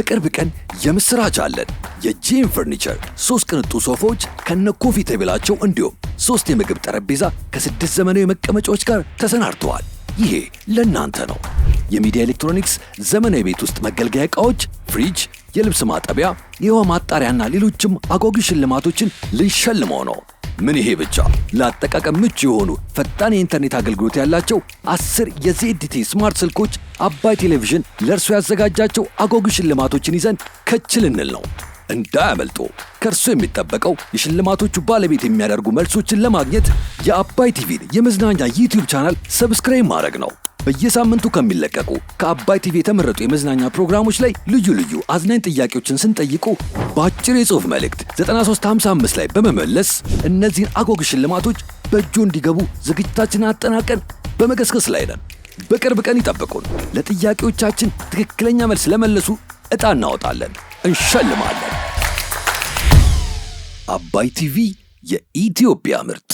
በቅርብ ቀን የምስራች አለን። የጂም ፈርኒቸር ሶስት ቅንጡ ሶፋዎች ከነ ኮፊ ቴብላቸው እንዲሁም ሶስት የምግብ ጠረጴዛ ከስድስት ዘመናዊ መቀመጫዎች ጋር ተሰናድተዋል። ይሄ ለእናንተ ነው። የሚዲያ ኤሌክትሮኒክስ፣ ዘመናዊ ቤት ውስጥ መገልገያ ዕቃዎች፣ ፍሪጅ፣ የልብስ ማጠቢያ፣ የውሃ ማጣሪያና ሌሎችም አጓጊ ሽልማቶችን ልንሸልመው ነው። ምን ይሄ ብቻ! ለአጠቃቀም ምቹ የሆኑ ፈጣን የኢንተርኔት አገልግሎት ያላቸው አስር የዜድቲ ስማርት ስልኮች አባይ ቴሌቪዥን ለእርሶ ያዘጋጃቸው አጓጊ ሽልማቶችን ይዘን ከችል እንል ነው። እንዳያመልጦ! ከእርሶ የሚጠበቀው የሽልማቶቹ ባለቤት የሚያደርጉ መልሶችን ለማግኘት የአባይ ቲቪን የመዝናኛ ዩቲዩብ ቻናል ሰብስክራይብ ማድረግ ነው። በየሳምንቱ ከሚለቀቁ ከአባይ ቲቪ የተመረጡ የመዝናኛ ፕሮግራሞች ላይ ልዩ ልዩ አዝናኝ ጥያቄዎችን ስንጠይቁ በአጭር የጽሑፍ መልእክት 9355 ላይ በመመለስ እነዚህን አጓጊ ሽልማቶች በእጆ እንዲገቡ ዝግጅታችንን አጠናቀን በመገስገስ ላይ ነን። በቅርብ ቀን ይጠብቁን። ለጥያቄዎቻችን ትክክለኛ መልስ ለመለሱ ዕጣ እናወጣለን፣ እንሸልማለን። አባይ ቲቪ የኢትዮጵያ ምርት